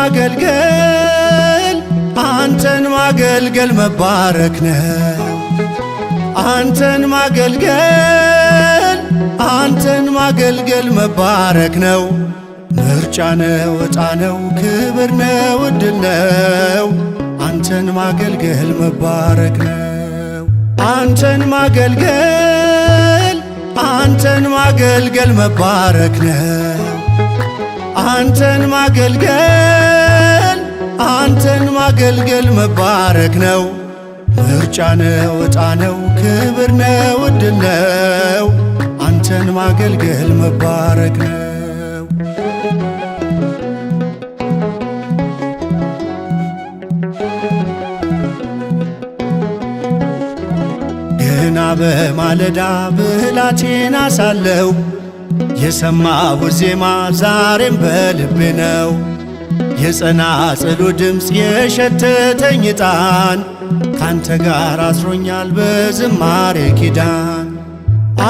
ማገልገል አንተን ማገልገል መባረክ ነው። አንተን ማገልገል አንተን ማገልገል መባረክ ነው። ምርጫ ነው፣ ዕጣ ነው፣ ክብር ነው፣ ዕድል ነው። አንተን ማገልገል መባረክ ነው። አንተን ማገልገል አንተን ማገልገል መባረክ ነው። አንተን ማገልገል አንተን ማገልገል መባረክ ነው። ምርጫ ነው፣ ዕጣ ነው፣ ክብር ነው፣ ዕድል ነው። አንተን ማገልገል መባረክ ነው። ገና በማለዳ ብላቴና ሳለው የሰማሁት ዜማ ዛሬም በልቤ ነው። የጸናጽሉ ድምፅ የሸተተኝ ዕጣን ካንተ ጋር አስሮኛል በዝማሬ ኪዳን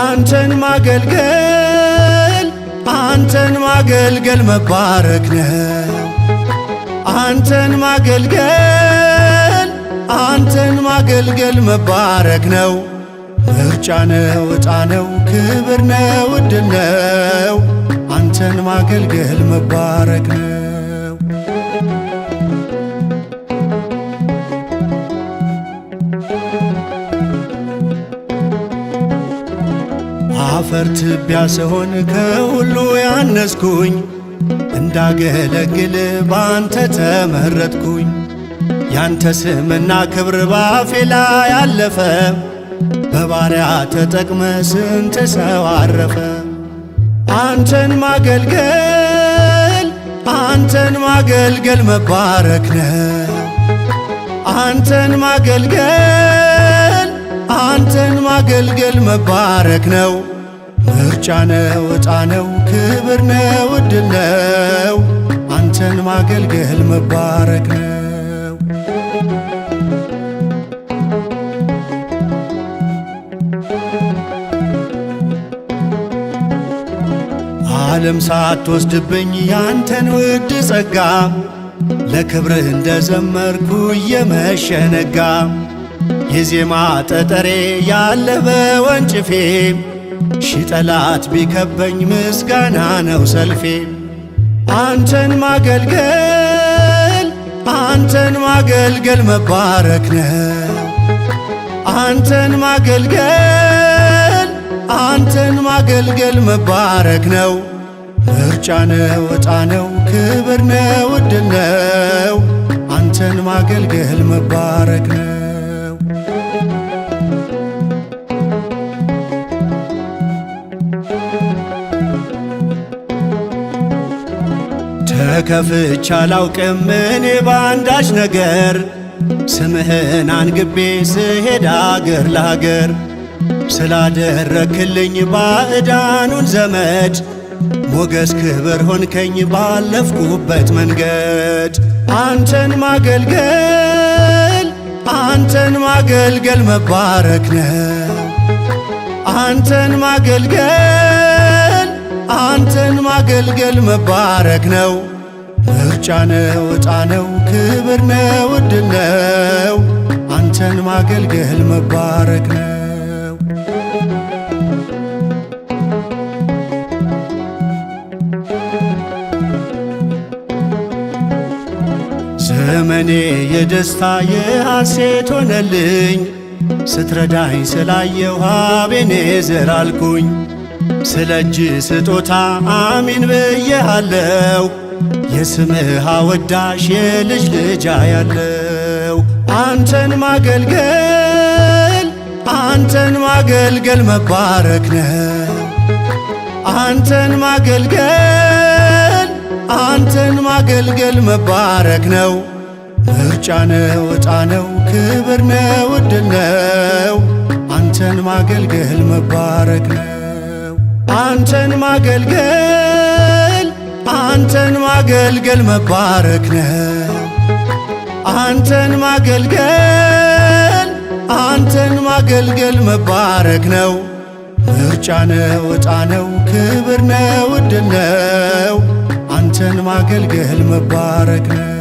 አንተን ማገልገል አንተን ማገልገል መባረክ ነው አንተን ማገልገል አንተን ማገልገል መባረክ ነው ምርጫ ነው ዕጣ ነው ክብር ነው ዕድል ነው አንተን ማገልገል መባረክ ነው አፈር ትቢያ ስሆን ከሁሉ ያነስኩኝ እንዳገለግል ባንተ ተመረጥኩኝ። ያንተ ስምና ክብር ባፌ ላይ አለፈ። በባሪያ ተጠቅመ ስንት ሰው አረፈ። አንተን ማገልገል አንተን ማገልገል መባረክ ነው። አንተን ማገልገል አንተን ማገልገል መባረክ ነው። ምርጫ ነው ዕጣ ነው ክብር ነው ዕድል ነው አንተን ማገልገል መባረክ ነው። ዓለም ሳትወስድብኝ ያንተን ውድ ጸጋ ለክብርህ ዘመርኩ እየመሸነጋ የዜማ ጠጠሬ ያለህ በወንጭፌ ሺህ ጠላት ቢከበኝ ምስጋና ነው ሰልፌ። አንተን ማገልገል አንተን ማገልገል መባረክ ነው። አንተን ማገልገል አንተን ማገልገል መባረክ ነው። ምርጫ ነው፣ ዕጣ ነው፣ ክብር ነው፣ ዕድል ነው። አንተን ማገልገል መባረክ ነው። ተከፍቻ አላውቅም እኔ ባንዳች ነገር ስምህን አንግቤ ስሄድ አገር ለአገር ስላደረክልኝ ባዕዳኑን ዘመድ ሞገስ ክብር ሆንከኝ ባለፍኩበት መንገድ አንተን ማገልገል አንተን ማገልገል መባረክ ነው አንተን ማገልገል አንተን ማገልገል መባረክ ነው። ምርጫ ነው፣ ዕጣ ነው፣ ክብር ነው፣ ዕድል ነው። አንተን ማገልገል መባረክ ነው። ዘመኔ የደስታ የሐሴት ሆነልኝ ስትረዳኝ ስላየው አቤኔዘር አልኩኝ። ስለ እጅ ስጦታ አሚን ብዬሃለው። የስምህ አወዳሽ የልጅ ልጃ ያለው አንተን ማገልገል አንተን ማገልገል መባረክ ነው። አንተን ማገልገል አንተን ማገልገል መባረክ ነው። ምርጫ ነው፣ ዕጣ ነው፣ ክብር ነው፣ ዕድል ነው። አንተን ማገልገል መባረክ ነው። አንተን ማገልገል አንተን ማገልገል መባረክ ነው። አንተን ማገልገል አንተን ማገልገል መባረክ ነው። ምርጫ ነው፣ ዕጣ ነው፣ ክብር ነው፣ ዕድል ነው። አንተን ማገልገል መባረክ ነው።